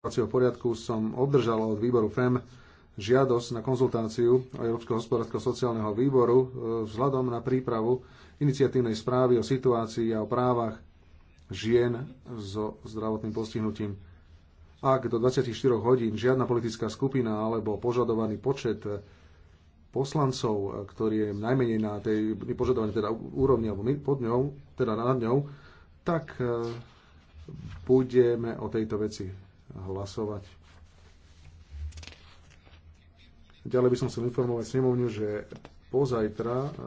rokovacieho poriadku som obdržal od výboru FEM žiadosť na konzultáciu Európskeho hospodárskeho sociálneho výboru e, vzhľadom na prípravu iniciatívnej správy o situácii a o právach žien so zdravotným postihnutím. Ak do 24 hodín žiadna politická skupina alebo požadovaný počet poslancov, ktorý je najmenej na tej požadovanej teda úrovni alebo pod ňou, teda nad ňou, tak e, budeme o tejto veci hlasovať. Ďalej by som chcel informovať snemovňu, že pozajtra